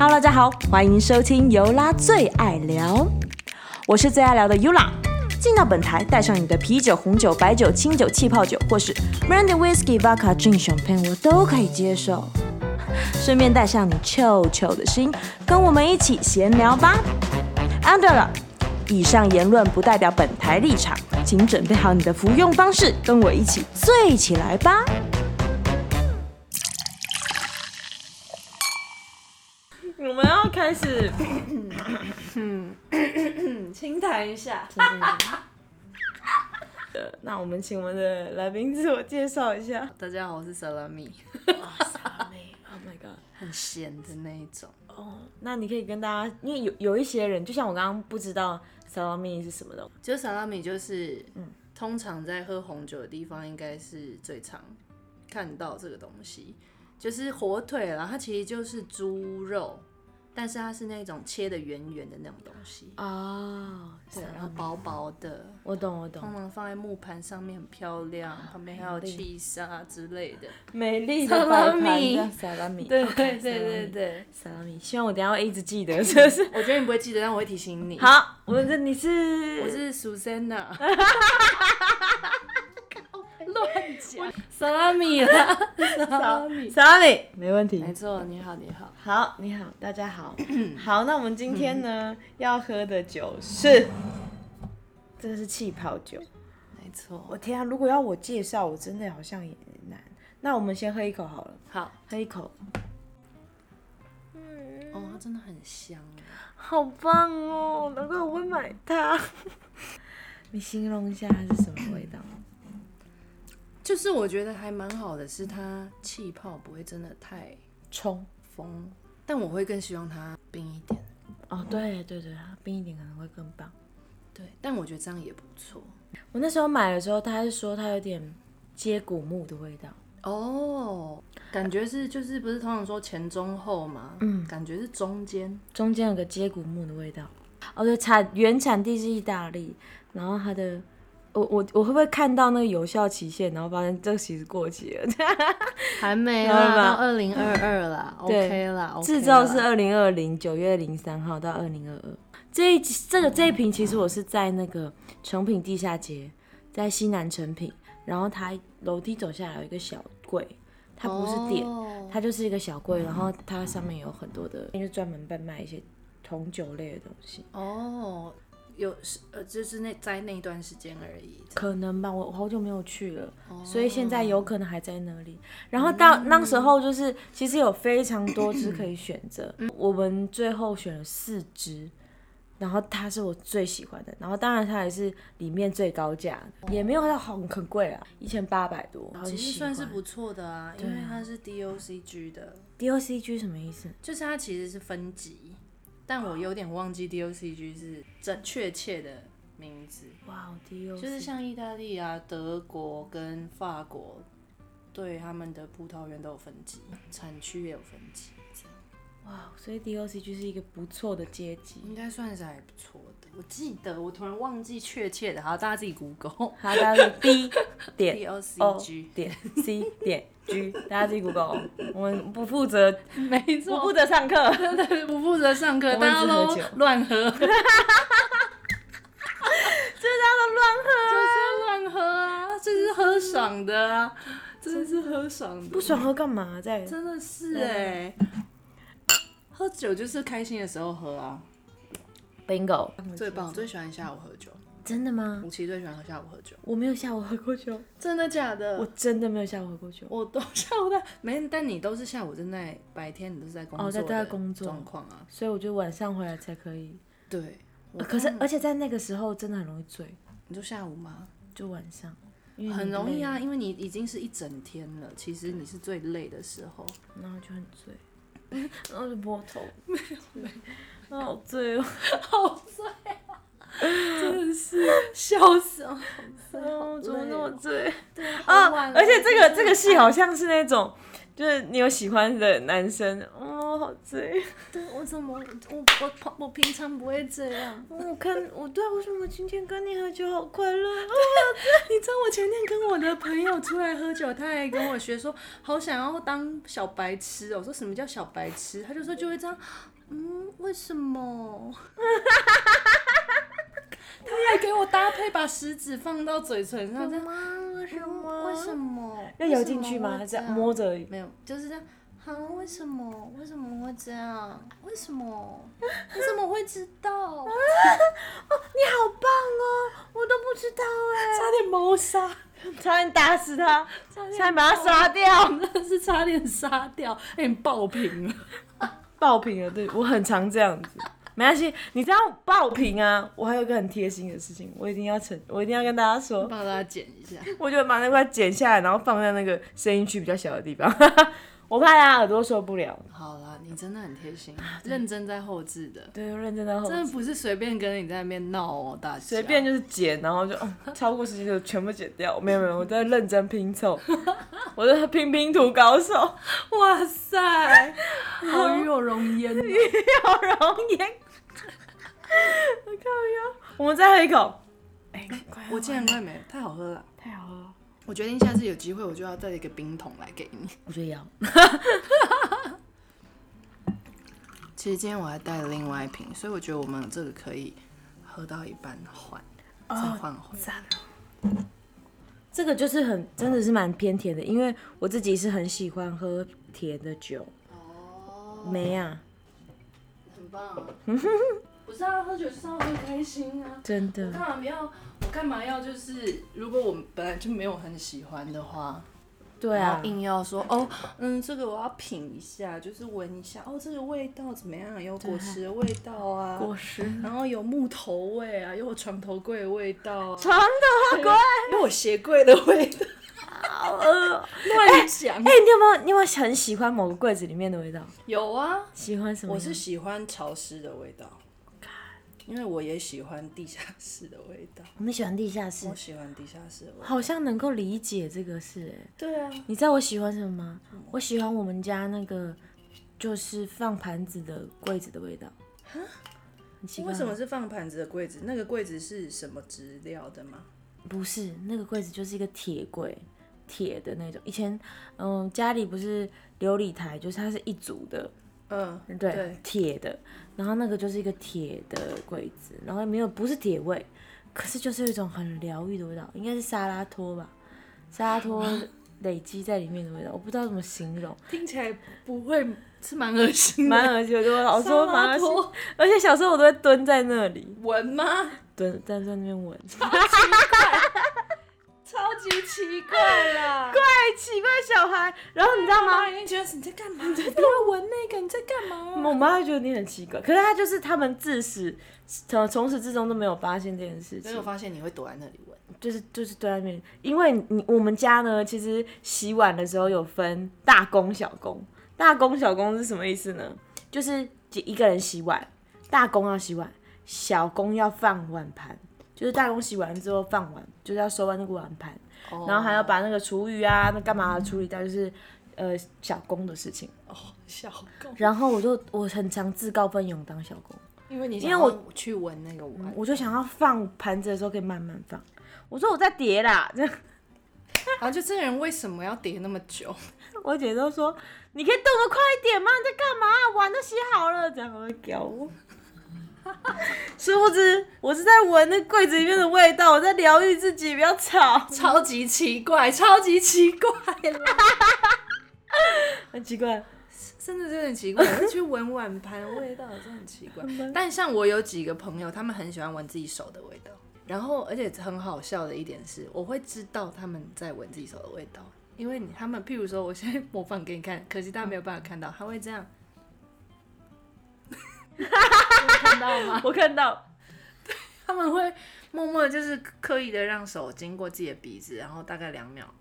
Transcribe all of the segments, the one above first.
Hello，大家好，歡迎收聽尤拉最愛聊，我是最愛聊的尤拉。進到本台，帶上你的啤酒、紅酒、白酒、清酒、氣泡酒，或是 brandy whiskey vodka gin 香檳，我都可以接受。順便帶上你臭臭的心，跟我們一起閒聊吧。啊，對了，以上言論不代表本台立場，請準備好你的服用方式，跟我一起醉起來吧。開始，嗯，輕、嗯、彈、嗯、一下小時。 那我們請我們的來賓自我介紹一下。大家好，我是薩拉米。薩拉米，Oh my God， 很鹹的那一種。哦、 oh,，那你可以跟大家，因為有有一些人，就像我剛剛不知道薩拉米是什麼東西。就薩拉米就是，嗯，通常在喝紅酒的地方應該是最常看到這個東西，就是火腿啦，它其實就是豬肉。但是它是那種切的圓圓的那種東西啊，對、oh,，然後薄薄的，我懂我懂，通常放在木盤上面很漂亮，啊、旁邊還有起司之類的，美麗的薩拉米。對，對對對對對，薩拉米，希望我等一下會一直記得 是不是，我覺得你不會記得，但我會提醒你。好，我這你是我是 Susanna。 亂講，莎拉米了，莎拉米，莎拉米，沒問題，沒錯，你好，你好，好，你好，大家好， 好，那我們今天呢、嗯、要喝的酒是，嗯、這個是氣泡酒，沒錯，我天啊！如果要我介紹，我真的好像也難，那我們先喝一口好了，好，喝一口，嗯，哦，它真的很香，好棒哦，難怪我會買它， 你形容一下它是什麼味道？ 就是我覺得還蠻好的，是它氣泡不會真的太衝，但我會更希望它冰一點。哦，對對對，冰一點可能會更棒。對，但我覺得這樣也不錯。我那時候買的時候，它是說它有點接骨木的味道。哦，感覺是就是不是通常說前中後嘛？嗯，感覺是中間，中間有個接骨木的味道。哦，對，產原產地是意大利，然後它的。我我我會不會看到那個有效期限，然後發現這個其實過期了？ 還沒、啊、 2022啦，到二零二二了，OK 了。製造、OK、是二零二零九月零三號到二零二二。這一這個這一瓶其實我是在那個成品地下街，在西南成品，然後它樓梯走下來有一個小櫃，它不是店，它就是一個小櫃，oh. 然後它上面有很多的，因為專門販賣一些同酒類的東西。哦、oh.。有是呃，就是那在那段時間而已，可能吧，我好久沒有去了、哦，所以現在有可能還在那裡。然後到、嗯、那時候就是、嗯，其實有非常多支可以選擇、嗯，我們最後選了四支，然後它是我最喜歡的，然後當然它也是裡面最高價、哦，也沒有到很很貴啊，一千八百多，其實算是不錯的啊，啊，因為它是 DOCG 的，DOCG 什麼意思？就是它其實是分級。但我有點忘記 DOCG 是這確切的名字，哇，就是像意大利啊、德國跟法國，對他們的葡萄園都有分級，產區也有分級。哇，所以 DOCG 是一個不錯的階級，應該算是還不錯。我記得，我突然忘記確切的，好，大家自己 Google。好，大家是 B 點 D O C G 點 C 點 G，大家自己 Google。我們不負責，沒錯，不負責上課，不負責上課，大家亂喝。哈哈哈哈哈！哈哈哈哈哈！大家都亂喝，就是亂喝啊，就是喝爽的啊，真的，真是喝爽的。不爽喝幹嘛？在？真的是哎、欸嗯，喝酒就是開心的時候喝啊。Bingo，最棒！最喜歡下午喝酒。真的嗎？我其實最喜歡喝下午喝酒。我沒有下午喝過酒，真的假的？我真的沒有下午喝過酒。我都下午在，沒，但你都是下午正在白天，你都是在工作、啊。哦、oh，在工作狀況啊，所以我覺得晚上回來才可以。對。可是，而且在那個時候真的很容易醉。你說下午嗎？就晚上，很容易啊，因為你已經是一整天了，其實你是最累的時候，然後就很醉， 然後就摸頭，沒 有。好醉哦，好醉啊！真的是笑死了，啊，怎麼那麼醉？對啊對，而且這個這個戲好像是那種。就是你有喜歡的男生，哦，好醉。對，我怎麼我我我平常不會這樣。 我看我對啊，我為什麼今天跟你喝酒好快樂？哦， 你知道我前天跟我的朋友出來喝酒，他還跟我學說，好想要當小白痴哦。我說什麼叫小白痴，他就說就會這樣。嗯，為什麼？ 他還給我搭配，把食指放到嘴唇上。我在媽為什麼？為什麼？要咬進去嗎？這樣摸着沒有，就是這樣。好為什麼？為什麼會這樣？為什麼？你怎麼會知道？啊、哦，你好棒哦、啊！我都不知道哎、欸。差點謀殺，差點打死他，差點把他殺掉，真的是差點殺殺掉， 差點爆屏了，爆屏、啊、了。對，我很常這樣子。沒關係，你這樣爆屏啊！我還有一個很貼心的事情，我一定要成，我一定要跟大家說，幫大家剪一下，我就把那塊剪下來，然後放在那個聲音區比較小的地方， 我怕大家耳朵受不了。好啦，你真的很貼心，認真在後製的，對，認真在後製，真的不是隨便跟你在那邊鬧哦，大家。隨便就是剪，然後就、嗯、超過時間就全部剪掉，沒有沒有，我在認真拼湊， 我是拼拼圖高手，哇塞，我 有容顏，嗯、有容顏。 我靠！我們再喝一口，欸 okay, 啊。我竟然快沒了，啊，太好喝了，太好喝了。我決定下次有機會我就要帶一個冰桶來給你。我覺得要。 其實今天我還帶了另外一瓶，所以我覺得我們這個可以喝到一半換，換 oh, 再換換。這個就是很真的是蠻偏甜的，因為我自己是很喜歡喝甜的酒。哦、oh，沒啊，很棒。 我知道喝酒是是要很開心啊！真的，我幹嘛不要？我幹嘛要？就是如果我本來就沒有很喜歡的話？對啊，硬要說哦，嗯，這個我要品一下，就是聞一下哦，這個味道怎麼樣？有果實的味道啊，果實，然後有木頭味啊，有櫃啊，我床頭櫃的味道，床頭櫃，有我鞋櫃的味道。好惡，亂想。哎，你有沒有？你有沒有很喜歡某個櫃子裡面的味道？有啊，喜歡什麼？我是喜歡潮濕的味道。因為我也喜歡地下室的味道。你們喜歡地下室？我喜歡地下室的味。好像能夠理解這個事、欸。對啊。你知道我喜歡什麼嗎？什麼？我喜歡我們家那個，就是放盤子的櫃子的味道。哈？為什麼是放盤子的櫃子？那個櫃子是什麼質料的嗎？不是，那個櫃子就是一個鐵櫃，鐵的那種。以前，嗯，家裡不是琉璃台，就是它是一組的。嗯，對，鐵的，然後那個就是一個鐵的櫃子，然後沒有，不是鐵味，可是就是有一種很療癒的味道，應該是沙拉托吧，沙拉托累積在裡面的味道，嗯，我不知道怎麼形容，聽起來不會是蠻惡心的，蠻惡心， 蠻惡心的，我老說蠻惡心，而且小時候我都會蹲在那裡聞嗎？蹲站在那邊聞。 超級奇怪了、啊，怪奇怪小孩。然後你知道嗎？他已經覺得你在幹嘛、啊？你在聞那個？你在幹嘛、啊？我媽會覺得你很奇怪，可是他就是他們自始從從始至終都沒有發現這件事情。沒我發現你會躲在那裡聞，就是就是躲在那邊，因為你我們家呢，其實洗碗的時候有分大工小工。大工小工是什麼意思呢？就是一個人洗碗，大工要洗碗，小工要放碗盤。就是大工洗完之後放碗，就是要收完那個碗盤，Oh. 然後還要把那個廚餘啊那幹嘛處理掉，就是、Mm-hmm. 呃小工的事情。Oh, 小工。然後我就我很常自告奮勇當小工，因為你因為我去聞那個碗，我就想要放盤子的時候可以慢慢放。我說我在疊啦， 然後就這個人為什麼要疊那麼久？ 我姐，姐都說你可以動得快一點嗎？你在幹嘛？碗都洗好了，怎麼教我？哈， 殊不知我是在聞那櫃子裡面的味道，我在療癒自己。不要吵，超級奇怪，超級奇怪， 很奇怪，甚至有點奇怪。我 去聞碗盤 味道，好像很奇怪很。但像我有幾個朋友，他們很喜歡聞自己手的味道。然後，而且很好笑的一點是，我會知道他們在聞自己手的味道，因為他們，譬如說，我先模仿給你看，可惜大家沒有辦法看到，嗯、他會這樣。哈， 看到了嗎？我看到，他們會默默的，就是刻意的讓手經過自己的鼻子，然後大概兩秒，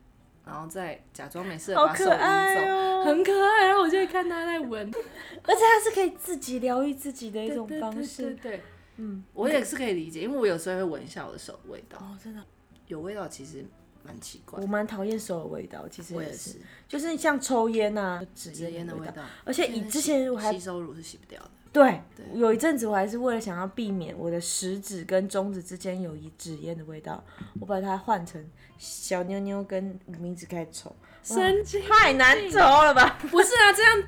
然後再假裝沒事，把手移走，好可愛喔。很可愛。然後我就會看他在聞， 而且他是可以自己療癒自己的一種方式。對對，對，對，嗯，我也是可以理解，因為我有時候會聞一下我的手的味道。哦、嗯，真的有味道，其實蠻奇怪。我蠻討厭手的味道，其實也我也是，就是像抽菸啊，紙菸的，的味道，而且你之前我還洗吸收乳是洗不掉的。對，有一陣子我還是為了想要避免我的食指跟中指之間有一支煙的味道，我把它換成小妞妞跟無名指開始抽，神經病，太難抽了吧？不是啊，這樣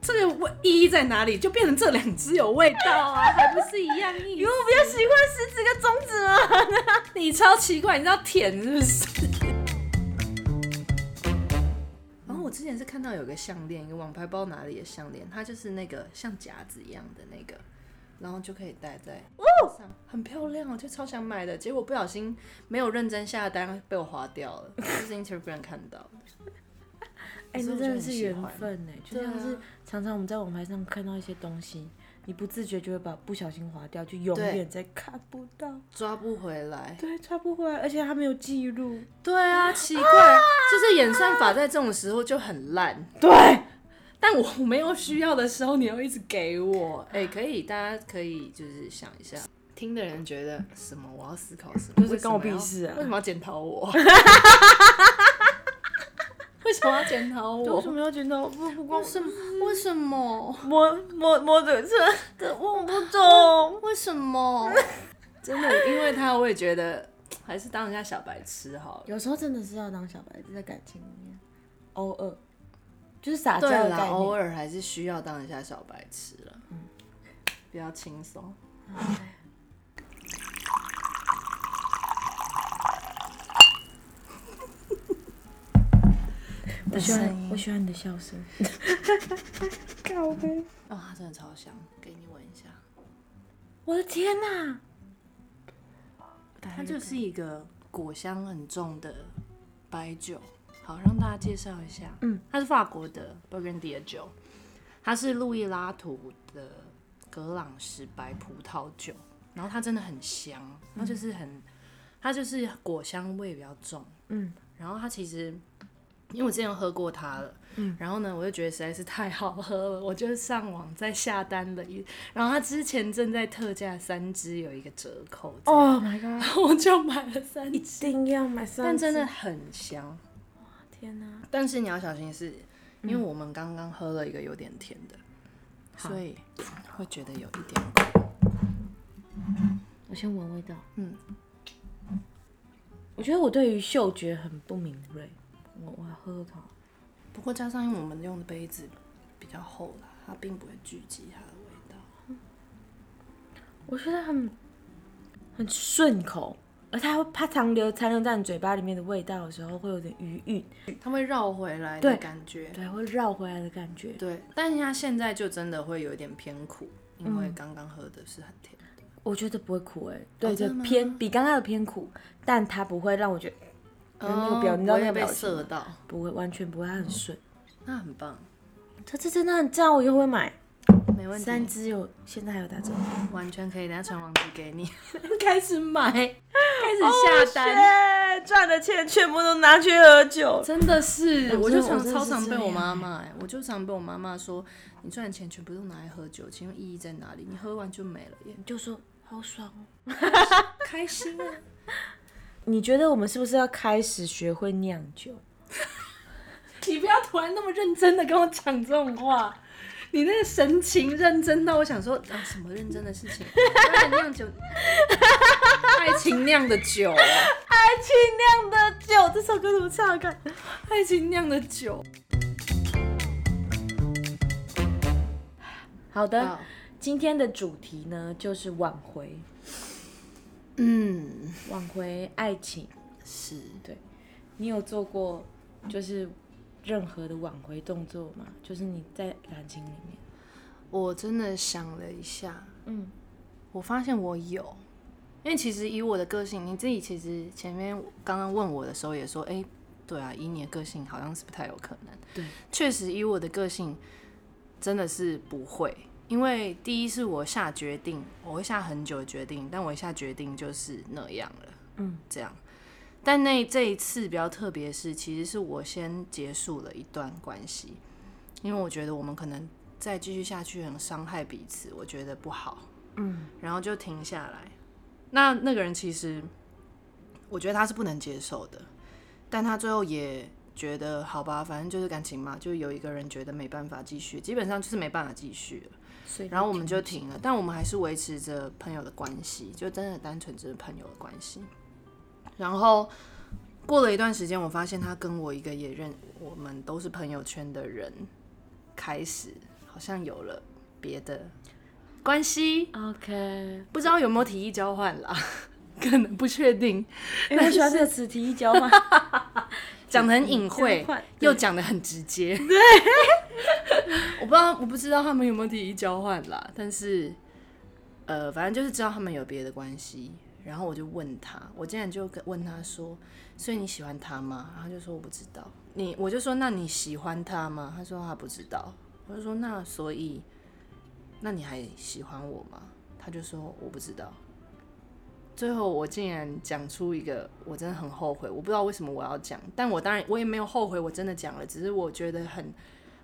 這個意義在哪裡？就變成這兩只有味道啊， 還不是一樣意思。因為我比較喜歡食指跟中指嘛。 你超奇怪，你知道舔是不是？我之前是看到有個項鏈，一個網拍不知道哪裡的項鏈，它就是那個像夾子一樣的那個，然後就可以戴在哦，很漂亮，我就超想買的，結果不小心沒有認真下單，被我滑掉了。 就是 Instagram 看到哎、 欸，那真的是緣分呢、欸，就像是常常我們在網拍上看到一些東西。你不自覺就會把不小心劃掉，就永遠再看不到，抓不回來。對，抓不回來，而且還沒有記錄、啊。對啊，奇怪、啊，就是演算法在這種時候就很爛、啊。對，但我沒有需要的時候，你要一直給我。哎、okay. 欸，可以，大家可以就是想一下，聽的人覺得什麼，我要思考什麼，就是關我屁事啊，為什麼要檢討我？ 為什麼要檢討我？為什麼要檢討我？不不光，為什麼？摸摸摸嘴，這我不懂為什麼？真的，因為他我也覺得，還是當一下小白痴好。有時候真的是要當小白痴，在感情裡面，偶爾就是撒嬌。對啦，偶爾還是需要當一下小白痴了，比較輕鬆。我喜歡我喜歡你的笑聲，搞的啊，哦、它真的超香，給你聞一下。我的天吶、啊，它就是一個果香很重的白酒。好，讓大家介紹一下。嗯，它是法國的勃艮第的酒，它是路易拉圖的格朗什白葡萄酒。然後它真的很香，它就是很，嗯、它就是果香味比較重。嗯，然後它其實。因為我之前喝過它了，嗯，然後呢，我就覺得實在是太好喝了，我就上網再下單了。一，然後它之前正在特價，三支有一個折扣，哦、oh、my god， 我就買了三支，一定要買三支，但真的很香，哇天哪，啊！但是你要小心是，是因為我們剛剛喝了一個有點甜的，嗯，所以會覺得有一點。我先聞味道，嗯，我覺得我對於嗅覺很不敏銳。我我喝它，不過加上因為我們用的杯子比較厚啦，它並不會聚集它的味道。我覺得很很順口，而它會怕殘留殘留在你嘴巴裡面的味道的時候，會有點餘韻，它會繞回來的感覺，對，對，會繞回來的感覺，對。但它現在就真的會有點偏苦，因為剛剛喝的是很甜的、嗯。我覺得不會苦哎、欸，對，就、哎、偏比剛，剛剛的偏苦，但它不會讓我覺得。有那個表，哦、你知道被射到，不會完全不會很順，那很棒。它這真的很讚，我以後會買。沒問題，三支有，現在還有打折、哦，完全可以。等下傳網址給你， 開始買，開始下單，賺、okay, 的錢全部都拿去喝酒，真的是。欸、我就想，超常被我媽媽哎，我就常被我媽媽說，你賺的錢全部都拿來喝酒，請問意義在哪裡？你喝完就沒了，耶。」你就說好爽哦，開心,開心啊。 你覺得我們是不是要開始學會釀酒？ 你不要突然那麼認真的跟我講這種話，你那個神情認真到我想說啊，什麼認真的事情？ 愛情釀 愛情釀的， 的酒，愛情釀的酒，這首歌怎麼唱？看，愛情釀的酒。好的，今天的主題呢就是挽回。嗯，挽回愛情是對。你有做過就是任何的挽回動作嗎？就是你在感情裡面，我真的想了一下，嗯，我發現我有，因為其實以我的個性，你自己其實前面剛剛問我的時候也說，哎、欸，對啊，以你的個性好像是不太有可能。對，確實以我的個性真的是不會。因為第一是我下決定，我會下很久的決定，但我一下決定就是那樣了，嗯，這樣。但那這一次比較特別是，其實是我先結束了一段關係，因為我覺得我們可能再繼續下去很傷害彼此，我覺得不好，嗯，然後就停下來。那那個人其實我覺得他是不能接受的，但他最後也覺得好吧，反正就是感情嘛，就有一個人覺得沒辦法繼續，基本上就是沒辦法繼續了。然後我們就停了，但我們還是維持着朋友的關係，就真的單純只是朋友的關係。然後過了一段時間，我發現他跟我一個也認，我們都是朋友圈的人，開始好像有了別的關係。OK，不知道有沒有體液交換啦？可能不確定。哎、欸，你喜歡這個詞“體液交換”？講的很隱晦，又講的很直接。對， 我不知道，我不知道他們有沒有提議交換啦。但是，呃，反正就是知道他們有別的關係。然後我就問他，我竟然就跟問他說：“所以你喜歡他嗎？”然後他就說：“我不知道。你”你我就說：“那你喜歡他嗎？”他說：“他不知道。”我就說：“那所以，那你還喜歡我嗎？”他就說：“我不知道。”最後，我竟然講出一個，我真的很後悔。我不知道為什麼我要講，但我當然我也沒有後悔，我真的講了。只是我覺得很，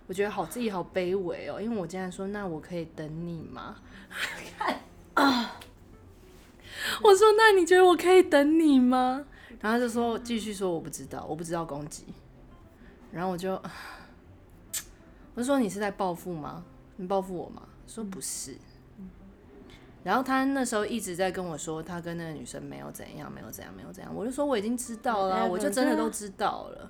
我覺得好自己好卑微哦。因為我竟然說，那我可以等你嗎？ 我說那你覺得我可以等你嗎？然後就說繼續說，我不知道，我不知道攻擊。然後我就我就說你是在報復嗎？你報復我嗎？說不是。然後他那時候一直在跟我說，他跟那個女生沒有怎樣，沒有怎樣，沒有怎樣。我就說我已經知道了、啊，yeah, 我就真的都知道了。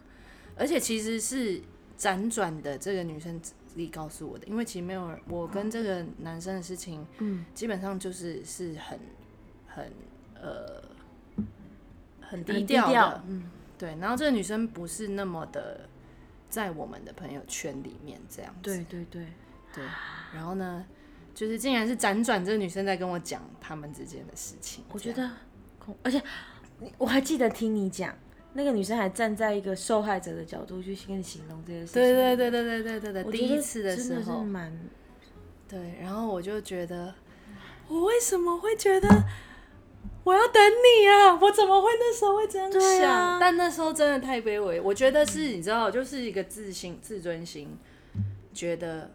Yeah. 而且其實是輾轉的這個女生裡告訴我的，因為其實沒有人，我跟這個男生的事情，嗯，基本上就是是很很呃很低調的低調，嗯，對。然後這個女生不是那麼的在我們的朋友圈裡面這樣子，對對對對。然後呢？就是，竟然是輾轉這個女生在跟我講他們之間的事情。我覺得，而且我還記得聽你講，那個女生還站在一個受害者的角度去跟你形容這件事情。對對對對對對對,對,對第一次的時候的，真的是蠻，對，然後我就覺得，我為什麼會覺得我要等你啊？我怎麼會那時候會這樣對、啊、想？但那時候真的太卑微。我覺得是，嗯、你知道，就是一個自信，自尊心覺得。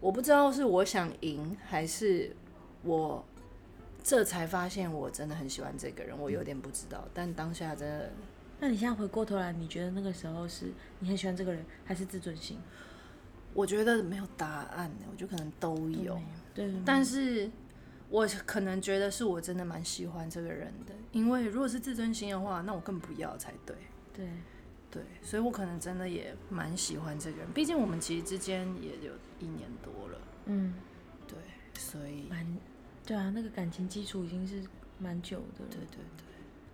我不知道是我想贏還是我這才發現我真的很喜歡這個人，我有點不知道。但當下真的，那你現在回過頭來，你覺得那個時候是你很喜歡這個人，還是自尊心？我覺得沒有答案呢，欸，我覺得可能都有。對，但是我可能覺得是我真的蠻喜歡這個人的，因為如果是自尊心的話，那我更不要才對。對對，所以我可能真的也蠻喜歡這個人，畢竟我們其實之間也有。一年多了，嗯，對，所以，蠻，對啊，那個感情基礎已經是蠻久的了，對對對。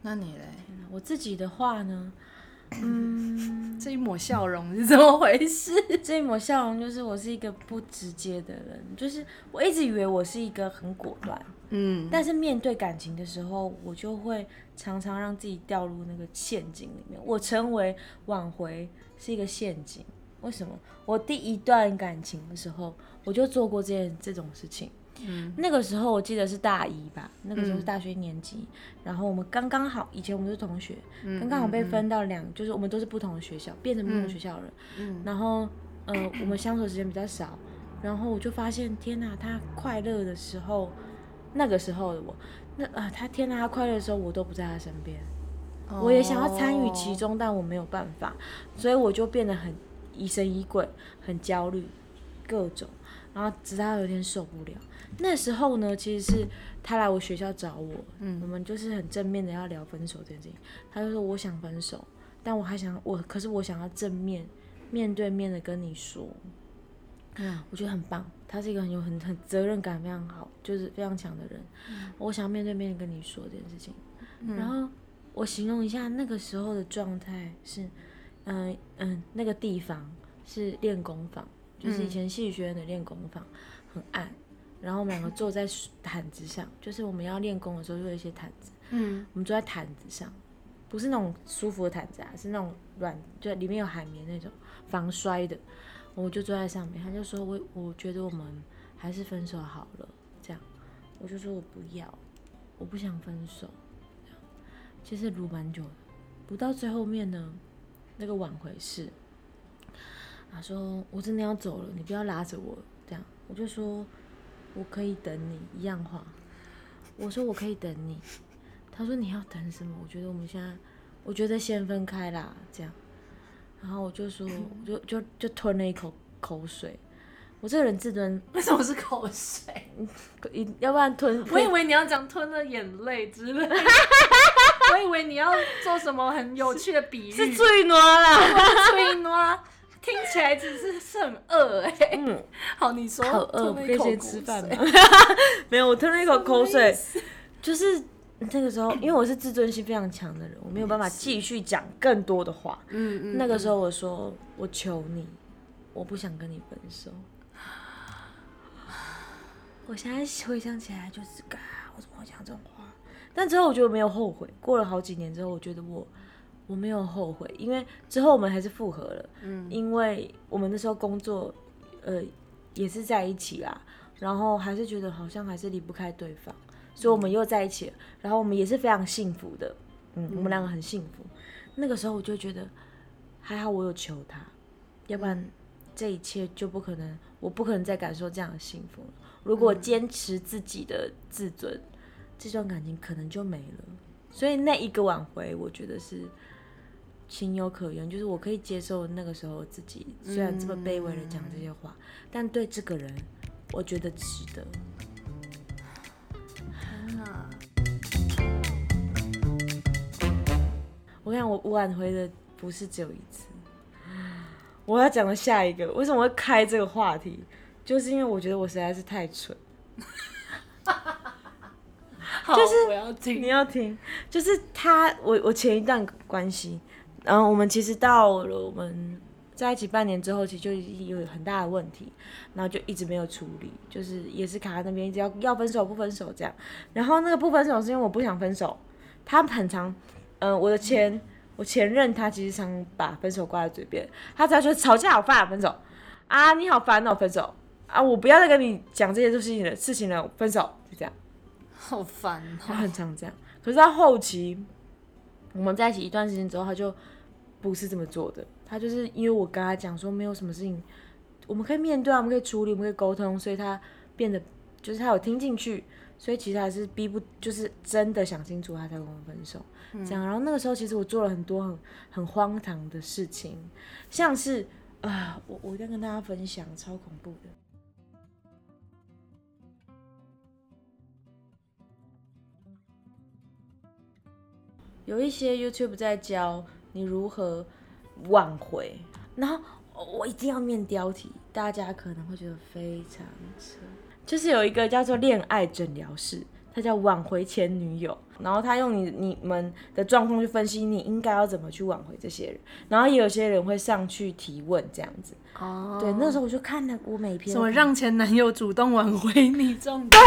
那你嘞？我自己的話呢？ 嗯，這一抹笑容是怎麼回事？ 這一抹笑容就是我是一個不直接的人，就是我一直以為我是一個很果斷，嗯，但是面對感情的時候，我就會常常讓自己掉入那個陷阱裡面。我成為挽回是一個陷阱。為什麼我第一段感情的時候，我就做過這件這種事情？嗯，那個時候我記得是大一吧，那個時候是大學一年級、嗯，然後我們剛剛好，以前我們是同學，嗯、剛剛好被分到兩、嗯，就是我們都是不同的學校，嗯、變成不同的學校了、嗯。然後，呃， 我們相處時間比較少，然後我就發現，天哪，他快樂的時候，嗯、那個時候的我，那啊、呃，他天哪，他快樂的時候，我都不在他身邊、哦，我也想要參與其中，但我沒有辦法，所以我就變得很。疑神疑鬼，很焦慮，各種，然後直到有一天受不了。那時候呢，其實是他來我學校找我，嗯，我們就是很正面的要聊分手這件事情。他就說，我想分手，但我還想我，可是我想要正面面對面的跟你說，嗯，我覺得很棒。他是一個很有很很責任感非常好，就是非常強的人。嗯，我想要面對面跟你說這件事情，嗯。然後我形容一下那個時候的狀態是。嗯嗯，那個地方是練功房，就是以前戲劇學院的練功房，很暗。嗯、然後我們兩個坐在毯子上，就是我們要練功的時候，就有一些毯子。嗯，我們坐在毯子上，不是那種舒服的毯子啊，是那種軟，就裡面有海綿那種防摔的。我就坐在上面，他就說，我我覺得我們還是分手好了，這樣。我就說我不要，我不想分手。這樣其實錄蠻久的，不到最後面呢。那個挽回是，他說我真的要走了，你不要拉着我這樣。我就說我可以等你一樣話，我說我可以等你。他說你要等什麼？我覺得我們現在，我覺得先分開啦這樣。然後我就說，就就就吞了一口口水。我這個人自尊，為什麼是口水？一 要不然吞？我以為你要講吞了眼淚之類。 我以為你要做什麼很有趣的比喻，是最挪啦，最挪， 聽起來只是是很餓哎，嗯，好，你說。好，可以先吃飯嗎？沒有，我吞了一口口水， 口口水就是那個時候，因為我是自尊心非常強的人，我沒有辦法繼續講更多的話。嗯嗯，那個時候我說，我求你，我不想跟你分手。嗯嗯嗯，我現在回想起來就是，我怎麼會講這種話？但之後我覺得沒有後悔。過了好幾年之後，我覺得我我沒有後悔，因為之後我們還是復合了。嗯，因為我們那時候工作，呃，也是在一起啦，然後還是覺得好像還是離不開對方，所以我們又在一起了，嗯。然後我們也是非常幸福的，嗯，我們兩個很幸福。那個時候我就覺得，還好我有求他，要不然這一切就不可能，我不可能再感受這樣的幸福了。如果堅持自己的自尊。嗯這段感情可能就沒了，所以那一個挽回，我覺得是情有可原，就是我可以接受。那個時候自己雖然這麼卑微的講這些話，但對這個人，我覺得值得。我跟你講，我挽回的不是只有一次，我要講的下一個，為什麼會開這個話題？就是因為我覺得我實在是太蠢。好，就是我要聽你要聽，就是他我我前一段關係，然、呃、後我們其實到了我們在一起半年之後，其實就已經有很大的問題，然後就一直沒有處理，就是也是卡在那邊，一直要要分手不分手這樣。然後那個不分手是因為我不想分手，他很常、呃、嗯，我的前我前任他其實常把分手掛在嘴邊，他只要說吵架好煩，分手啊，你好煩哦，分手啊，我不要再跟你講這些事情了，事情了，分手。好煩喔，他很常這樣。可是他後期，我們在一起一段時間之後，他就不是這麼做的。他就是因為我跟他講說，沒有什麼事情，我們可以面對啊，我們可以處理，我們可以溝通，所以他變得就是他有聽進去。所以其實還是逼不，就是真的想清楚，他才跟我們分手。嗯。這樣。然後那個時候，其實我做了很多很很荒唐的事情，像是啊，呃，我我一定要跟大家分享，超恐怖的。有一些 YouTube 在教你如何挽回，然後我一定要面雕題，大家可能會覺得非常扯，就是有一個叫做“戀愛診療室”。他叫挽回前女友，然後他用你你們的狀況去分析你應該要怎麼去挽回這些人，然後也有些人會上去提問這樣子。哦，對，那時候我就看了我每篇什麼讓前男友主動挽回你這種，對，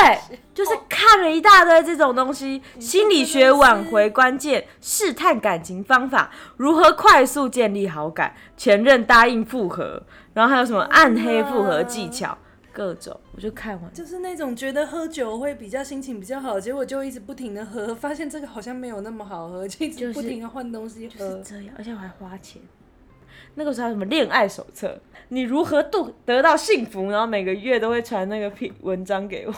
就是看了一大堆這種東西，哦、心理學挽回關鍵，試探感情方法，如何快速建立好感，前任答應復合，然後還有什麼暗黑復合技巧。各種，我就看完，就是那種覺得喝酒會比較心情比較好，結果就一直不停的喝，發現這個好像沒有那麼好喝，就一直不停的換東西喝，就是，就是這樣，而且我還花錢。那個時候還有什麼戀愛手冊，你如何度得到幸福？然後每個月都會傳那個屁文章給我，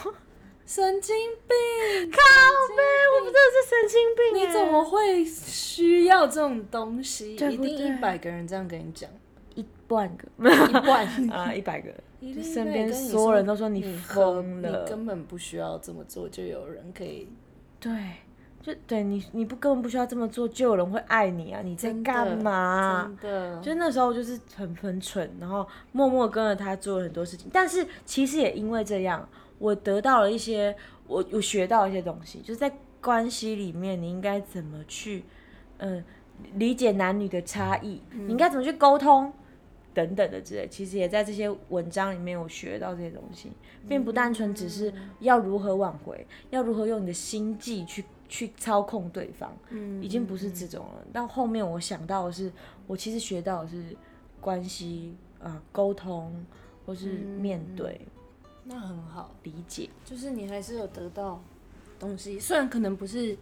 神經病，神經病靠北，我不知道是神經病。你怎麼會需要這種東西？對對，一定一百個人這樣跟你講，一萬個， 一萬半 啊，一百個。就身邊所有人都說你瘋了，你根本不需要這麼做，就有人可以。對，就對你，你不根本不需要這麼做，就有人會愛你啊！你在幹嘛？真的，就那時候就是很很蠢，然後默默跟着他做了很多事情。但是其實也因為這樣，我得到了一些，我我學到一些東西，就是在關係裡面，你應該怎麼去嗯、呃、理解男女的差異？你應該怎麼去溝通？等等的之類，其實也在這些文章裡面有學到這些東西，並不單純只是要如何挽回，要如何用你的心機去去操控對方，嗯，已經不是這種了。到、嗯、後面我想到的是，我其實學到的是關係啊溝通或是面對、嗯，那很好理解，就是你還是有得到東西，雖然可能不是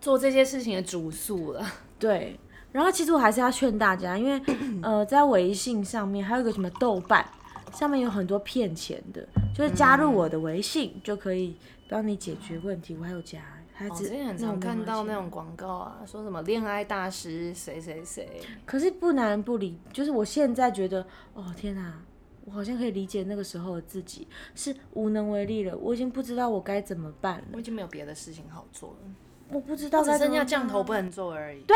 做這些事情的主訴了，對。然後其實我還是要勸大家，因為呃，在微信上面還有一個什麼豆瓣，上面有很多騙錢的，就是加入我的微信就可以幫你解決問題。我還有加，還有真的很常看到那種廣告啊，說什麼戀愛大師誰誰誰，可是不難不理，就是我現在覺得，哦天哪，我好像可以理解那個時候的自己是無能為力了，我已經不知道我該怎麼辦了，我已經沒有別的事情好做了，我不知道只剩下降頭不能做而已，對。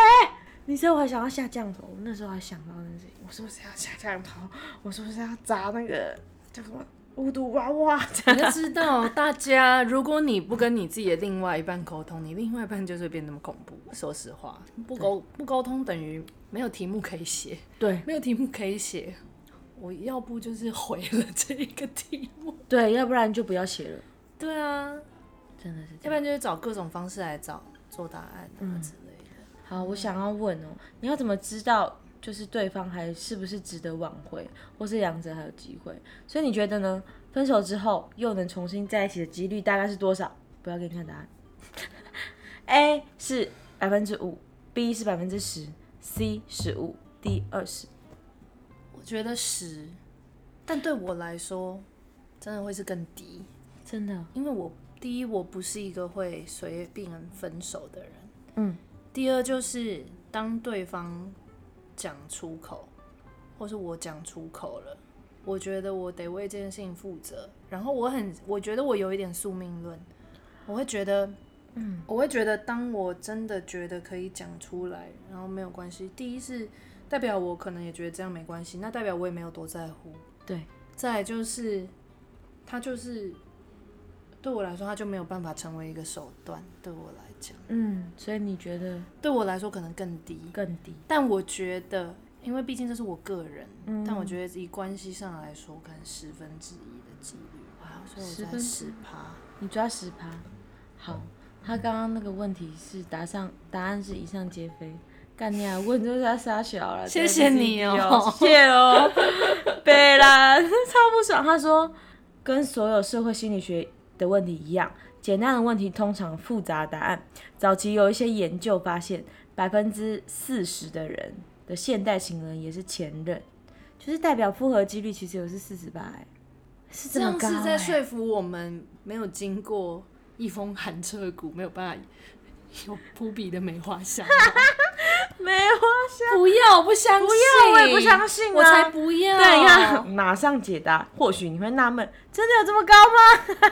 你知道我還想要下降頭，我那時候還想到那件事情，我是不是要下降頭？我是不是要砸那個叫什麼巫毒娃娃？你要知道，大家如果你不跟你自己的另外一半溝通，你另外一半就是會變那麼恐怖。說實話，不溝不溝通等於沒有題目可以寫。對，沒有題目可以寫，我要不就是毀了這一個題目。對，要不然就不要寫了。對啊，真的是這樣。要不然就是找各種方式來找做答案這樣子。好，我想要問哦，你要怎麼知道就是對方還是不是值得挽回，或是兩者還有機會？所以你覺得呢？分手之後又能重新在一起的幾率大概是多少？不要給你看答案。 A 是百分之五，B 是百分之十，C 十五，D 二十。我覺得十，但對我來說真的會是更低，真的，因為我第一我不是一個會隨便跟人分手的人，嗯。第二就是，當對方講出口，或是我講出口了，我覺得我得為這件事情負責。然後我很，我覺得我有一點宿命論，我會覺得，嗯，我會覺得，當我真的覺得可以講出來，然後沒有關係。第一是代表我可能也覺得這樣沒關係，那代表我也沒有多在乎。對，再就是，他就是對我來說，他就沒有辦法成為一個手段。對我來說。嗯，所以你覺得對我來說可能更低，更低。但我覺得，因為畢竟這是我個人，嗯、但我覺得以關係上來說，可能十分之一的幾率。哇、wow，所以我在十趴，你抓十趴。好，嗯、他剛剛那個問題是答上，答案是以上皆非。幹你啊，問就是他殺小了。謝謝你哦， 謝，謝哦。北啦，超不爽，他說跟所有社會心理學的問題一樣。簡單的問題通常複雜答案。早期有一些研究發現，百分之四十的人的現代型人也是前任，就是代表複合幾率其實有是四十八，是這麼高、欸、這樣是在說服我們，沒有經過一風寒徹骨，沒有辦法有撲鼻的梅花香。 沒有香不要，不相信，不要，我也不相信啊！我才不要！對呀，馬上解答。或許你會納悶，真的有這麼高嗎？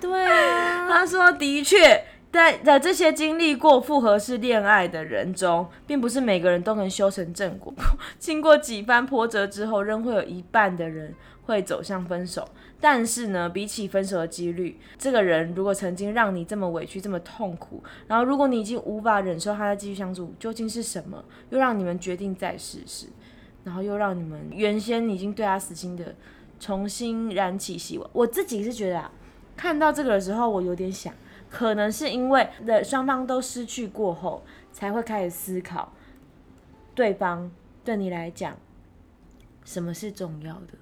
對、啊，他說的確，在在這些經歷過復合式戀愛的人中，並不是每個人都能修成正果。經過幾番波折之後，仍會有一半的人會走向分手。但是呢，比起分手的幾率，這個人如果曾經讓你這麼委屈、這麼痛苦，然後如果你已經無法忍受他的繼續相處，究竟是什麼又讓你們決定再試試？然後又讓你們原先已經對他死心的重新燃起希望？我自己是覺得啊，看到這個的時候，我有點想，可能是因為的雙方都失去過後，才會開始思考對方對你來講什麼是重要的，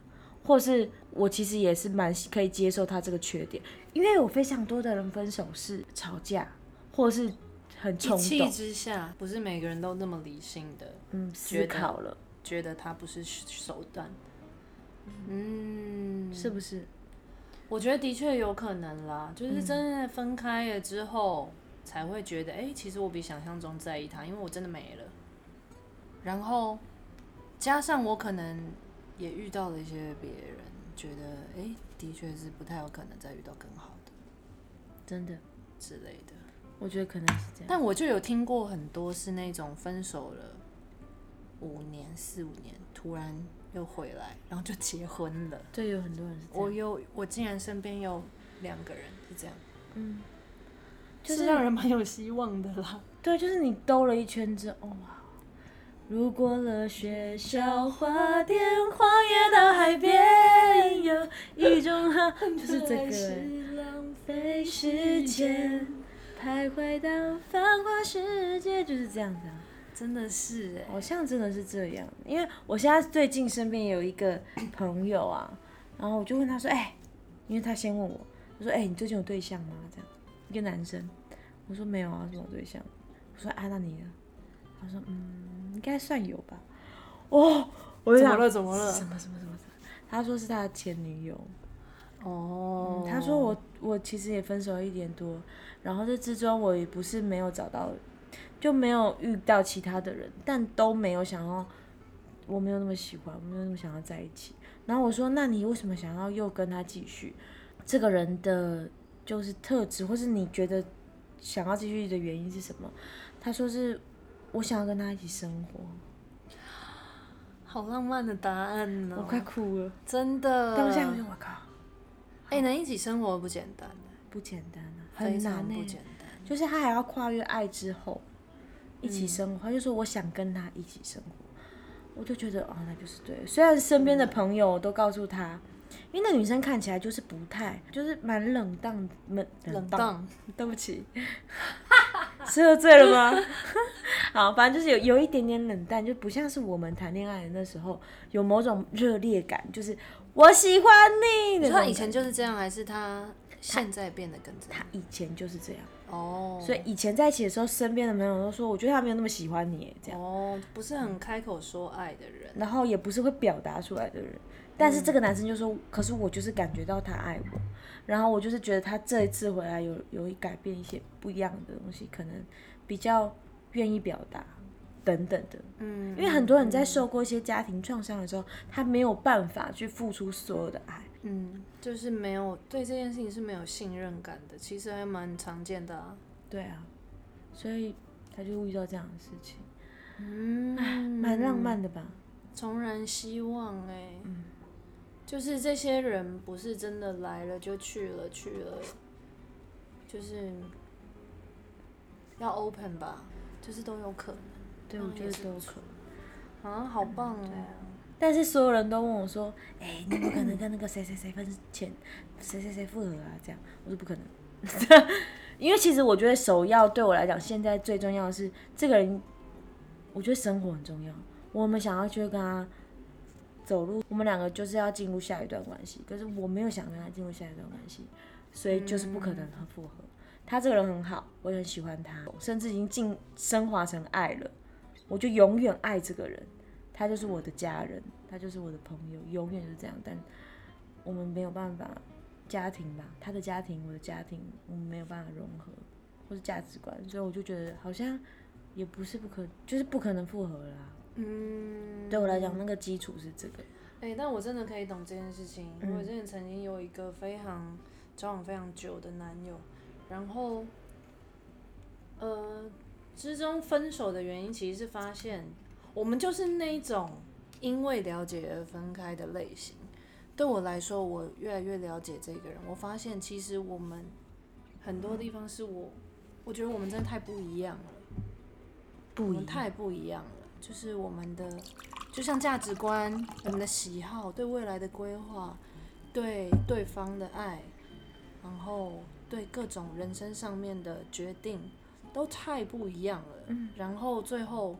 或是。我其實也是蠻可以接受他這個缺點，因為有非常多的人分手是吵架，或是很衝動一氣之下，不是每個人都那麼理性的、嗯、思考了，覺得他不是手段。嗯，嗯，是不是？我覺得的確有可能啦，就是真的分開了之後，嗯、才會覺得哎、欸，其實我比想象中在意他，因為我真的沒了。然後加上我可能也遇到了一些別人。覺得哎、欸，的確是不太有可能再遇到更好的，真的之類的。我覺得可能是這樣，但我就有聽過很多是那種分手了五年、四五年，突然又回來，然後就結婚了。對，有很多人。我有，我竟然身邊有兩個人是這樣，嗯，就是讓人蠻有希望的啦。對，就是你兜了一圈之後、哦路過了學校花店，荒野到海邊，有一種好、啊、就是這個、欸。浪費時間，徘徊到繁華世界，就是這樣子啊。真的是、欸，好像真的是這樣。因為我現在最近身邊有一個朋友啊，然後我就問他說：“哎、欸，因為他先問我，他說：‘哎、欸，你最近有對象嗎？’這樣，一個男生，我說沒有啊，什麼對象。我說：‘啊、那你呢？’他說：‘嗯。’應該算有吧，哦我想，怎麼了？怎麼了？什麼什麼什麼？他說是他的前女友，哦、oh. 嗯，他說，我我其實也分手了一年多，然後這之中我也不是沒有找到，就沒有遇到其他的人，但都沒有想要，我沒有那麼喜歡，我沒有那麼想要在一起。然後我說，那你為什麼想要又跟他繼續？這個人的就是特質，或是你覺得想要繼續的原因是什麼？他說是。我想要跟他一起生活，好浪漫的答案呢、哦！我快哭了，真的。等一下，我靠！哎、欸啊，能一起生活不簡單、欸，不簡單、啊，很難、欸，不簡單。就是他還要跨越愛之後，一起生活。他、嗯、就是、說：“我想跟他一起生活。”我就覺得，哦，那就是對。雖然身邊的朋友都告訴他、嗯，因為那女生看起來就是不太，就是蠻冷淡，冷淡。冷 對不起。 是喝醉了嗎？ 好，反正就是有有一點點冷淡，就不像是我們談戀愛的那時候有某種熱烈感，就是我喜歡你。你說以前就是這樣，還是他現在變得更這樣？他以前就是這樣哦，oh. 所以以前在一起的時候，身邊的朋友都說，我覺得他沒有那麼喜歡你這樣哦，oh, 不是很開口說愛的人，嗯、然後也不是會表達出來的人。但是這個男生就說、嗯，可是我就是感覺到他愛我。然後我就是覺得他這一次回來有有改變一些不一樣的東西，可能比較願意表達等等的。嗯，因為很多人在受過一些家庭創傷的時候，他沒有辦法去付出所有的愛。嗯，就是沒有對這件事情是沒有信任感的，其實還蠻常見的、啊。對啊，所以他就遇到這樣的事情。嗯，唉，蠻浪漫的吧？重燃希望、欸，誒、嗯。就是這些人不是真的來了就去了去了，就是要 open 吧，就是都有可能。對，我覺得都有可能。啊，好棒哦、啊啊！但是所有人都問我說：“哎、欸，你不可能跟那個誰誰誰分錢，誰誰誰復合啊？”這樣，我說不可能。 因為其實我覺得首要對我來講，現在最重要的是這個人，我覺得生活很重要。我們想要去跟他。走路，我們兩個就是要進入下一段關係，可是我沒有想跟他進入下一段關係，所以就是不可能很復合。他這個人很好，我也很喜歡他，甚至已經進昇華成愛了，我就永遠愛這個人，他就是我的家人，他就是我的朋友，永遠就是這樣。但我們沒有辦法家庭吧，他的家庭，我的家庭，我們沒有辦法融合，或是價值觀，所以我就覺得好像也不是不可，就是不可能復合了啦。嗯，對我來講，嗯，那個基礎是這個。哎、欸，但我真的可以懂這件事情，因、嗯、為我真的曾經有一個非常交往非常久的男友，然後呃，之中分手的原因其實是發現我們就是那一種因為了解而分開的類型。對我來說，我越來越了解這個人，我發現其實我們很多地方是我、嗯、我覺得我們真的太不一樣了，不一樣，太不一樣了。就是我們的，就像價值觀、我們的喜好、對未來的規劃、對對方的愛，然後對各種人生上面的決定都太不一樣了。嗯，然後最後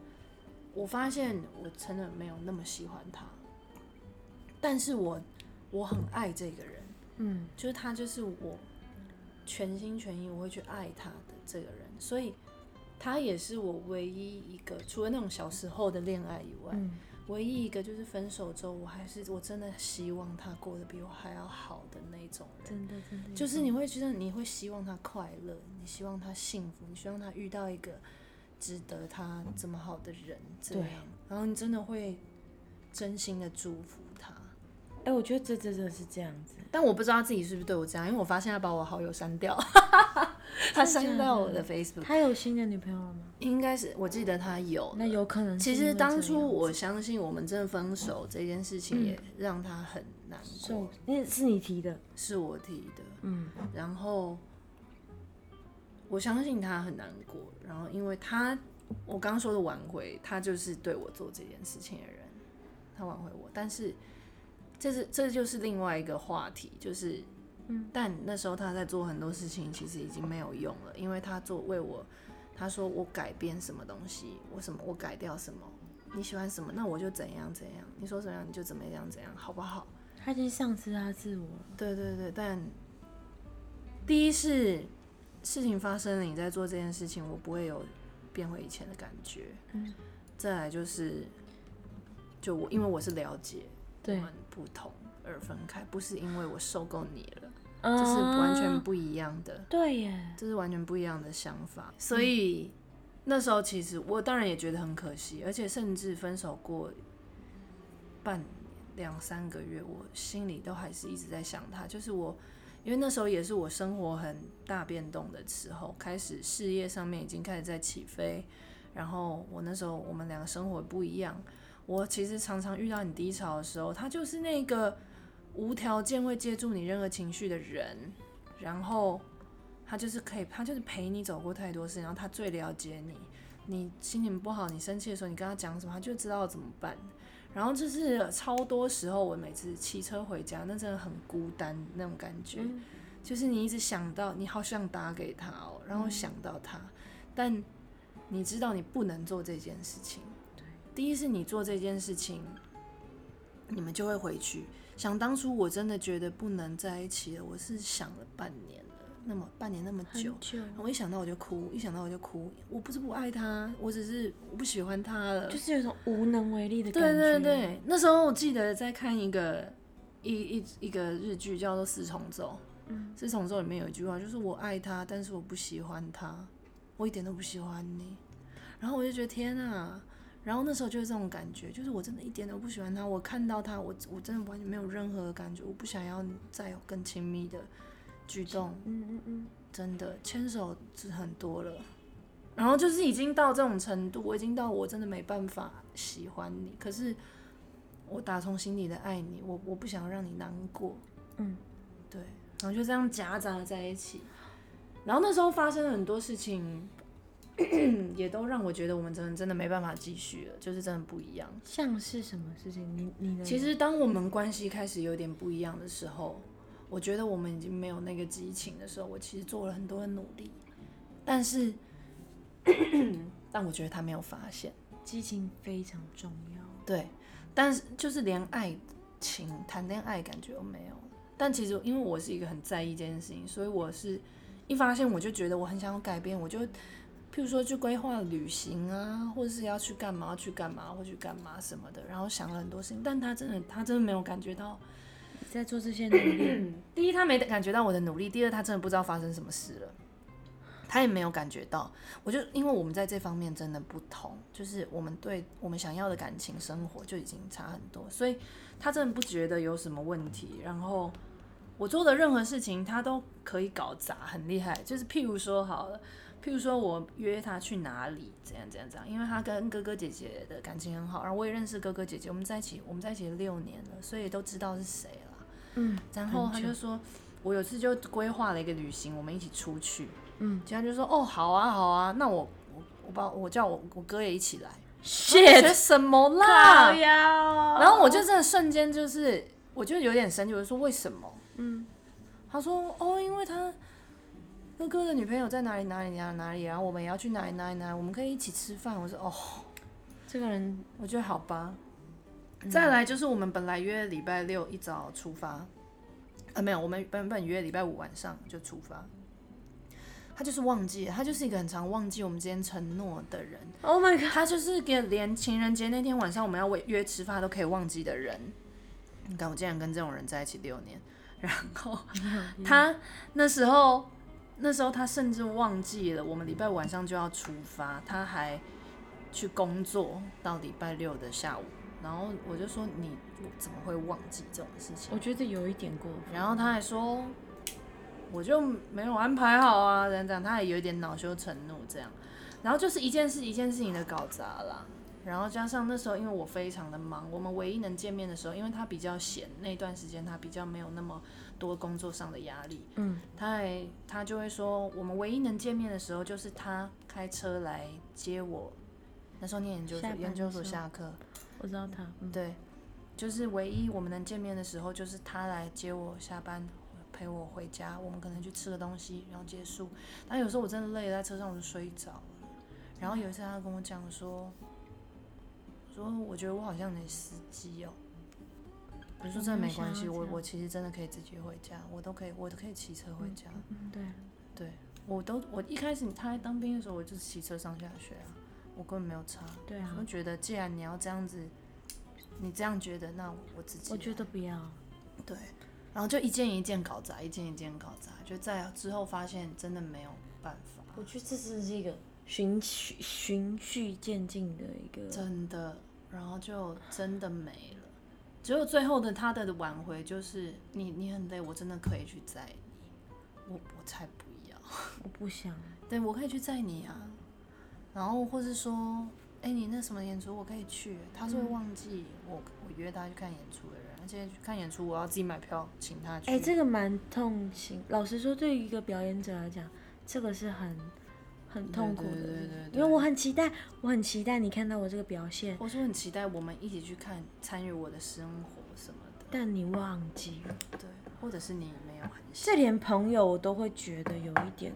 我發現我真的沒有那麼喜歡他，但是我我很愛這個人。嗯，就是他，就是我全心全意我會去愛他的這個人，所以。他也是我唯一一個，除了那種小時候的戀愛以外，嗯，唯一一個就是分手之後，我還是我真的希望他過得比我還要好的那種人。真的，真的，就是你會覺得你會希望他快樂，你希望他幸福，你希望他遇到一個值得他這麼好的人，嗯、對啊。然後你真的會真心的祝福。哎、欸，我覺得這、這、這真的是這樣子，但我不知道他自己是不是對我這樣，因為我發現他把我好友刪掉， 他刪掉我的 Facebook。他有新的女朋友嗎？應該是，我記得他有。哦、那有可能是？其實當初我相信我們真的分手這件事情也讓他很難過，那、嗯、是你提的，是我提的，嗯。然後我相信他很難過，然後因為他我剛剛說的挽回，他就是對我做這件事情的人，他挽回我，但是。這是這就是另外一個話題，就是，嗯，但那時候他在做很多事情，其實已經沒有用了，因為他做為我，他說我改變什麼東西，我什麼我改掉什麼，你喜歡什麼，那我就怎樣怎樣，你說怎樣你就怎麼樣怎樣，好不好？他就是喪失他自我。對對對，但第一是事情發生了，你在做這件事情，我不會有變回以前的感覺。嗯，再來就是，就我因為我是了解。我們不同而分開，不是因為我受夠你了，uh, 這是完全不一樣的。對耶，這是完全不一樣的想法。嗯、所以那時候其實我當然也覺得很可惜，而且甚至分手過半年兩三個月，我心裡都還是一直在想他。就是我，因為那時候也是我生活很大變動的時候，開始事業上面已經開始在起飛，然後我那時候我們兩個生活不一樣。我其實常常遇到很低潮的時候，他就是那個無條件會接住你任何情緒的人，然後他就是可以，他就是陪你走過太多事，然後他最了解你。你心情不好，你生氣的時候，你跟他講什麼，他就知道怎麼辦。然後就是超多時候，我每次騎車回家，那真的很孤單那種感覺、嗯，就是你一直想到，你好想打給他哦，然後想到他、嗯，但你知道你不能做這件事情。第一是你做這件事情，你們就會回去。想當初我真的覺得不能在一起了，我是想了半年了，那麼半年那麼久，我一想到我就哭，一想到我就哭。我不是不愛他，我只是不喜歡他了，就是有一種無能為力的感覺。對對對，那時候我記得在看一個一一一個日劇，叫做《四重奏》。嗯，《四重奏》裡面有一句話，就是我愛他，但是我不喜歡他，我一點都不喜歡你。然後我就覺得天哪！然後那時候就是這種感覺，就是我真的一點都不喜歡他，我看到他，我我真的完全沒有任何的感覺，我不想要再有更親密的舉動，嗯嗯嗯，真的牽手是很多了，然後就是已經到這種程度，我已經到我真的沒辦法喜歡你，可是我打從心裡的愛你，我我不想讓你難過，嗯，對，然後就這樣夾雜在一起，然後那時候發生了很多事情。也都讓我覺得我們真的真的沒辦法繼續了，就是真的不一樣。像是什麼事情？你你能？其實當我們關係開始有點不一樣的時候，我覺得我們已經沒有那個激情的時候，我其實做了很多的努力，但是但我覺得他沒有發現，激情非常重要。對，但是就是連愛情、談戀愛感覺都沒有。但其實因為我是一個很在意這件事情，所以我是一發現我就覺得我很想要改變，我就。譬如說去規劃旅行啊，或者是要去幹嘛、去幹嘛、或去幹嘛什麼的，然後想了很多事情，但他真的，他真的沒有感覺到在做這些努力。 第一，他沒感覺到我的努力；第二，他真的不知道發生什麼事了，他也沒有感覺到。我就因為我們在這方面真的不同，就是我們對我們想要的感情生活就已經差很多，所以他真的不覺得有什麼問題。然後我做的任何事情，他都可以搞砸，很厲害。就是譬如說好了。譬如說，我約他去哪裡，怎樣怎樣怎樣，因為他跟哥哥姐姐的感情很好，然後我也認識哥哥姐姐，我們在一起，我們在一起六年了，所以都知道是誰了。嗯，然後他就說，我有次就規劃了一個旅行，我們一起出去。嗯，結果就說，哦，好啊，好啊，那我我我把我叫我我哥也一起來，學、啊、什麼啦、哦？然後我就真的瞬間就是，我就有點生氣，我就說為什麼？嗯，他說，哦，因為他。哥哥的女朋友在哪裡？哪裡？哪？哪裡，哪裡、啊？然後我們也要去哪裡？哪裡？哪裡？我們可以一起吃飯。我說哦，這個人我覺得好吧。嗯、再來就是我們本來約禮拜六一早出發，啊、呃、沒有，我們本本約禮拜五晚上就出發。他就是忘記，他就是一個很常忘記我們之間承諾的人。Oh my God，他就是給連情人節那天晚上我們要約吃飯都可以忘記的人。你、嗯、看我竟然跟這種人在一起六年，然後 他那時候。那時候他甚至忘記了我們禮拜五晚上就要出發，他還去工作到禮拜六的下午，然後我就說你怎麼會忘記這種事情？我覺得有一點過分，然後他還說我就沒有安排好啊，等等，他也有一點惱羞成怒這樣，然後就是一件事一件事情的搞砸了啦，然後加上那時候因為我非常的忙，我們唯一能見面的時候，因為他比較閒那段時間他比較沒有那麼多工作上的壓力，嗯，他還他就會說，我們唯一能見面的時候，就是他開車來接我，那時候念研究所，研究所下課，我知道他、嗯，對，就是唯一我們能見面的時候，就是他來接我下班，陪我回家，我們可能去吃個東西，然後結束。但有時候我真的累，在車上我就睡着了。然後有一次他跟我講說，說我覺得我好像你的司機哦。不是，這沒關係。我我其實真的可以自己回家，我都可以，我都可以騎車回家。嗯嗯對，啊、對，對我都我一開始他在當兵的時候，我就是騎車上下學啊，我根本沒有差。對啊，我覺得既然你要這樣子，你這樣覺得，那我，我自己我覺得不要。對，然後就一件一件搞砸，一件一件搞砸，就在之後發現真的沒有辦法。我覺得這是個循循循序漸進的一個真的，然後就真的沒了。只有最後的他的挽回，就是你你很累，我真的可以去載你，我我才不要，我不想，欸，對我可以去載你啊，然後或是說，哎、欸、你那什麼演出我可以去，欸，他是會忘記我、嗯、我，我約他去看演出的人，而且去看演出我要自己買票請他去，哎、欸、這個蠻痛心，老實說對於一個表演者來講，這個是很。很痛苦的，對，對對對對對，因為我很期待，我很期待你看到我這個表現。我是很期待我們一起去看，參與我的生活什麼的。但你忘記了，對，或者是你沒有很想。這連朋友我都會覺得有一點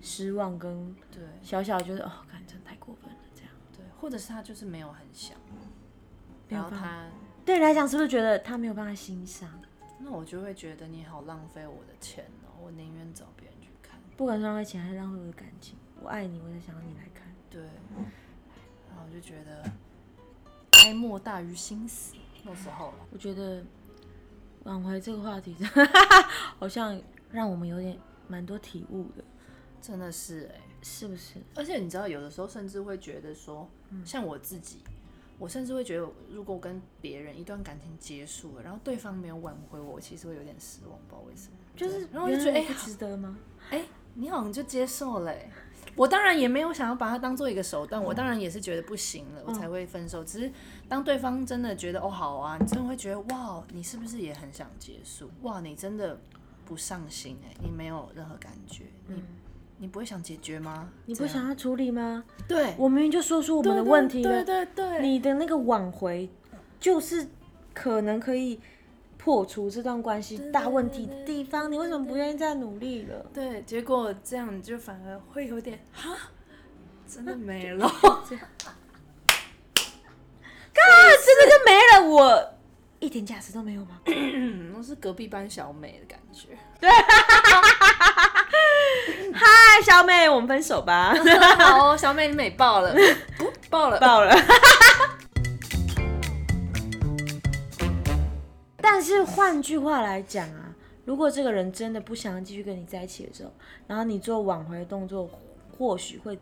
失望跟小小、就是、對，小小覺得哦，感你真太過分了這樣。對，或者是他就是沒有很想，然後他對你來講是不是覺得他沒有辦法欣賞？那我就會覺得你好浪費我的錢哦，我寧願找別人去看。不管是浪費錢還是浪費我的感情。我愛你，我也想讓你來看。對，嗯、然後我就覺得，哀莫大於心死。那時候，我覺得挽回這個話題，哈哈，好像讓我們有點蠻多體悟的。真的是哎、欸，是不是？而且你知道，有的時候甚至會覺得說，嗯、像我自己，我甚至會覺得，如果跟別人一段感情結束了，然後對方沒有挽回我，我其實會有點失望，不知道為什麼。就是，然後我就覺得，哎，值得嗎？哎、欸欸，你好像就接受了、欸。我當然也沒有想要把它當做一個手段，我當然也是覺得不行了、嗯，我才會分手。只是當對方真的覺得哦，好啊，你真的會覺得哇，你是不是也很想結束？哇，你真的不上心、欸、你沒有任何感覺，你你不會想解決嗎、嗯？你不想要處理嗎？對，我明明就說出我們的問題了，對對對，對，你的那個挽回就是可能可以，破除這段關係大問題的地方，你為什麼不願意再努力了？對，結果這樣你就反而會有點哈，真的沒了，這，這真的就沒了我，我一點價值都沒有嗎？我是隔壁班小美的感覺。對，嗨、啊，Hi, 小美，我們分手吧。 好、哦、小美你美爆了、哦，爆了，爆了。但是換句話來講啊，如果這個人真的不想繼續跟你在一起的時候，然後你做挽回的動作，或許會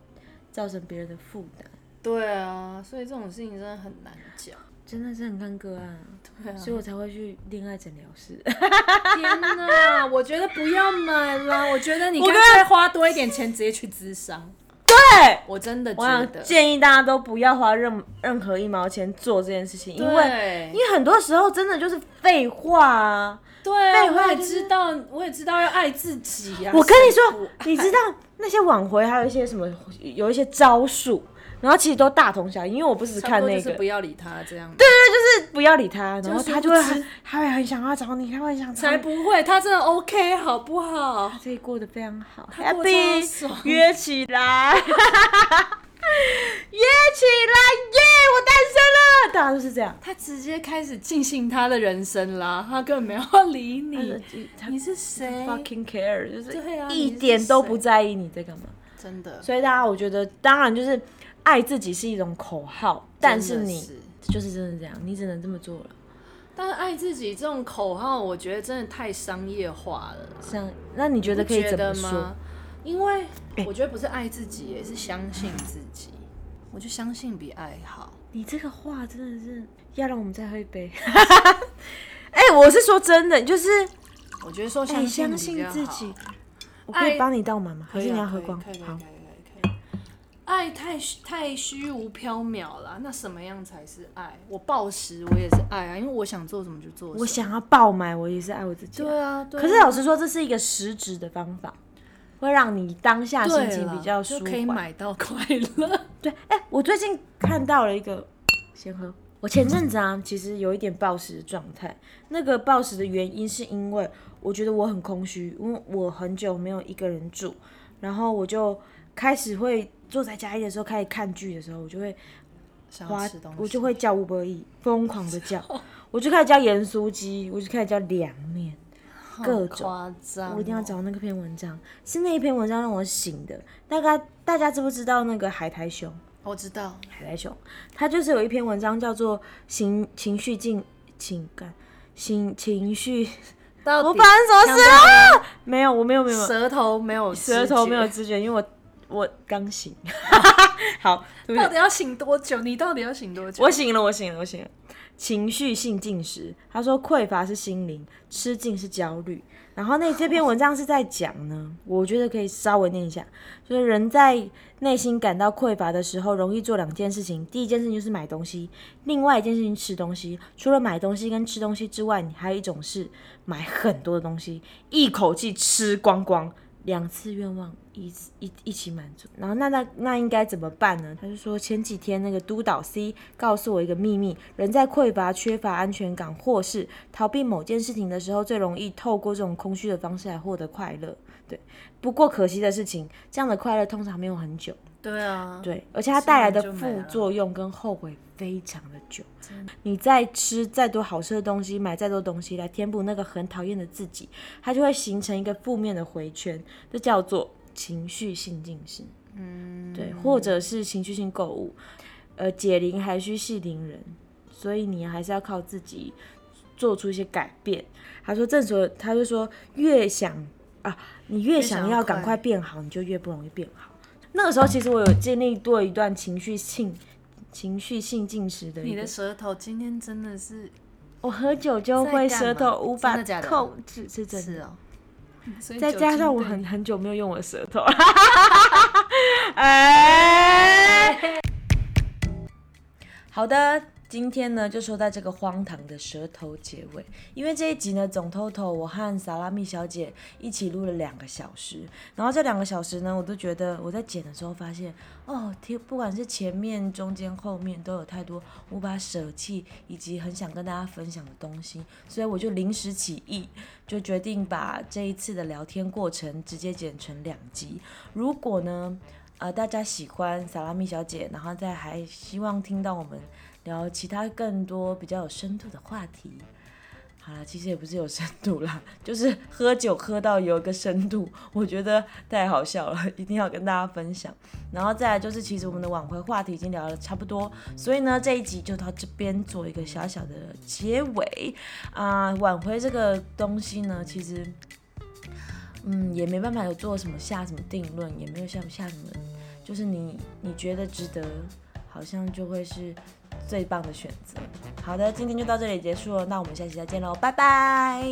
造成別人的負擔。對啊，所以這種事情真的很難講，真的是很看個案。對啊，所以我才會去戀愛診療室。 天哪，我覺得不要買了，我覺得你乾脆花多一點錢直接去諮商。對，我真的，我要建議大家都不要花任任何一毛錢做這件事情，因為因為很多時候真的就是廢話啊。對啊，廢話就是，我也知道，我也知道要愛自己呀。我跟你說，你知道那些挽回還有一些什麼，有一些招數。然後其實都大同小異，因為我不只是看那個。不，就是不要理他這樣。對，對對，就是不要理他，然後他就會很，他會很想要找你，他會很想找你。才不會，他真的 OK，好不好？他這裡過得非常好。Happy，約起來。 約起來，耶、yeah！我單身了，大家都是這樣。他直接開始進行他的人生了、啊，他根本沒有理你。是你，你是誰？Fucking care，就是，對、啊、是一點都不在意你在幹嘛。真的，所以大家我覺得，當然就是。愛自己是一種口號，但是你就是真的這樣，你只能這麼做了。但愛自己這種口號，我覺得真的太商業化了。像那你覺得可以怎麼說覺得嗎？因為我覺得不是愛自己，也是相信自己、欸。我就相信比愛好。你這個話真的是要讓我們再喝一杯。哎、 欸，我是說真的，就是我覺得說相信、欸、相信自己，我可以幫你倒滿嗎？可是你要喝光。好。愛太虛太虛無縹緲了，那什麼樣才是愛？我暴食，我也是愛啊，因為我想做什麼就做什麼。我想要暴買，我也是愛我自己啊。對啊，對啊。可是老實說，這是一個實質的方法，會讓你當下心情比較舒緩，可以買到快樂。對，哎、欸，我最近看到了一個，先喝。我前陣子啊，其實有一點暴食的狀態。那個暴食的原因是因為我覺得我很空虛，因為我很久沒有一個人住，然後我就開始會。坐在家裡的時候，開始看劇的時候，我就會，想要吃東西，我就會叫 Uber Eats 瘋狂的叫我，我就開始叫鹽酥雞，我就開始叫涼麵，各種誇張。哦，我一定要找到那篇文章，是那一篇文章讓我醒的。大家，大家知不知道那個海苔熊？我知道海苔熊，它就是有一篇文章叫做行《情緒情緒情感情情緒》到底，發生什麼事？啊、沒有，我沒有沒有，舌頭沒有舌頭沒有知覺，因為我。我剛醒， 好，到底要醒多久？ 你到底要醒多久？我醒了，我醒了，我醒了。情緒性進食，他說匱乏是心靈，吃進是焦慮。然後那這篇文章是在講呢，oh. 我覺得可以稍微念一下。就是人在內心感到匱乏的時候，容易做兩件事情。第一件事情就是買東西，另外一件事情吃東西。除了買東西跟吃東西之外，你還有一種是買很多的東西，一口氣吃光光，兩次願望一一一起滿足，然後那那那應該怎麼辦呢？他就說前幾天那個督導 C 告訴我一個秘密：人在匱乏、缺乏安全感或是逃避某件事情的時候，最容易透過這種空虛的方式來獲得快樂。對，不過可惜的事情，這樣的快樂通常沒有很久。對啊，對，而且它帶來的副作用跟後悔非常的久。真的你再吃再多好吃的東西，買再多東西來填補那個很討厭的自己，它就會形成一個負面的迴圈。這叫做。情緒性進食，嗯，對，或者是情緒性購物，呃，解鈴還需繫鈴人，所以你還是要靠自己做出一些改變。他說正所，這時候他就說，越想啊，你越想要趕快變好越想越快，你就越不容易變好。那個時候，其實我有經歷過一段情緒性情緒性進食的。你的舌頭今天真的是，我喝酒就會舌頭無法控制，是真的。再加上我很很久沒有用我的舌頭了，哈、 欸，好的。今天呢，就說在這個荒唐的舌頭結尾。因為這一集呢，總偷偷我和薩拉米小姐一起錄了兩個小時。然後這兩個小時呢，我都覺得我在剪的時候發現，哦天，不管是前面、中間、後面，都有太多無法捨棄以及很想跟大家分享的東西。所以我就臨時起意，就決定把這一次的聊天過程直接剪成兩集。如果呢，呃，大家喜歡薩拉米小姐，然後再還希望聽到我們，聊其他更多比較有深度的話題，好了，其實也不是有深度啦，就是喝酒喝到有一個深度，我覺得太好笑了，一定要跟大家分享。然後再來就是，其實我們的挽回話題已經聊得差不多，所以呢，這一集就到這邊做一個小小的結尾啊。呃，挽回這個東西呢，其實，嗯，也沒辦法有做什麼下什麼定論，也沒有下不下什麼，就是你你覺得值得，好像就會是，最棒的選擇。好的，今天就到這裡結束了，那我們下期再見嘍，拜拜。